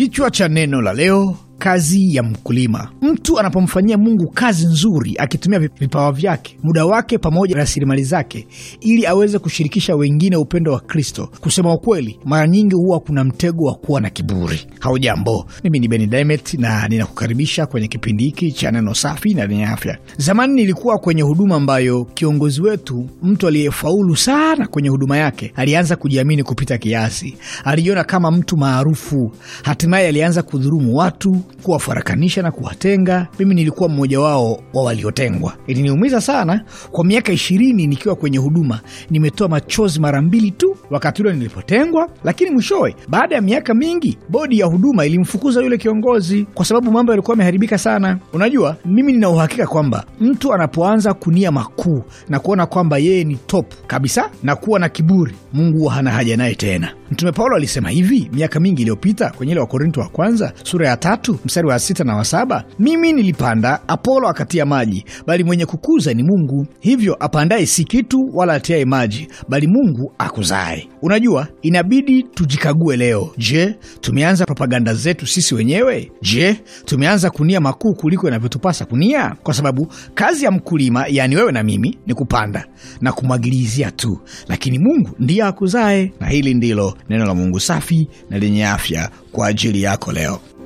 Kichwa cha neno la leo: kazi ya mkulima. Mtu anapomfanyia Mungu kazi nzuri, akitumia vipawa vyake, muda wake, pamoja na rasilimali zake, ili aweze kushirikisha wengine upendo wa Kristo, kusema ukweli, mara nyingi huwa kuna mtego wa kuwa na kiburi. Haujambo, mimi ni Beni Dimet na ninakukaribisha kwenye kipindi hiki cha neno safi na lenye afya. Zamani nilikuwa kwenye huduma ambayo kiongozi wetu, mtu aliyefaulu sana kwenye huduma yake, alianza kujiamini kupita kiasi. Alijiona kama mtu maarufu, hatimaye alianza kudhurumu watu kuwafarakanisha na kuwatenga. Mimi nilikuwa mmoja wao wa waliotengwa. Iliniumiza sana. Kwa miaka ishirini nikiwa kwenye huduma, nimetoa machozi mara mbili tu wakati ule nilipotengwa, lakini mwishowe, baada ya miaka mingi, bodi ya huduma ilimfukuza yule kiongozi kwa sababu mambo yalikuwa yameharibika sana. Unajua, mimi nina uhakika kwamba mtu anapoanza kunia makuu na kuona kwamba yeye ni top kabisa na kuwa na kiburi, Mungu hana haja naye tena. Mtume Paulo alisema hivi miaka mingi iliyopita kwenye ile Wakorinto wa kwanza sura ya tatu mstari wa sita na wa saba mimi nilipanda, Apolo akatia maji, bali mwenye kukuza ni Mungu. Hivyo apandaye si kitu wala atiaye maji, bali Mungu akuzaye naye, unajua inabidi tujikague leo. Je, tumeanza propaganda zetu sisi wenyewe? Je, tumeanza kunia makuu kuliko inavyotupasa kunia? Kwa sababu kazi ya mkulima, yaani wewe na mimi, ni kupanda na kumwagilizia tu, lakini Mungu ndiye akuzae. Na hili ndilo neno la Mungu safi na lenye afya kwa ajili yako leo.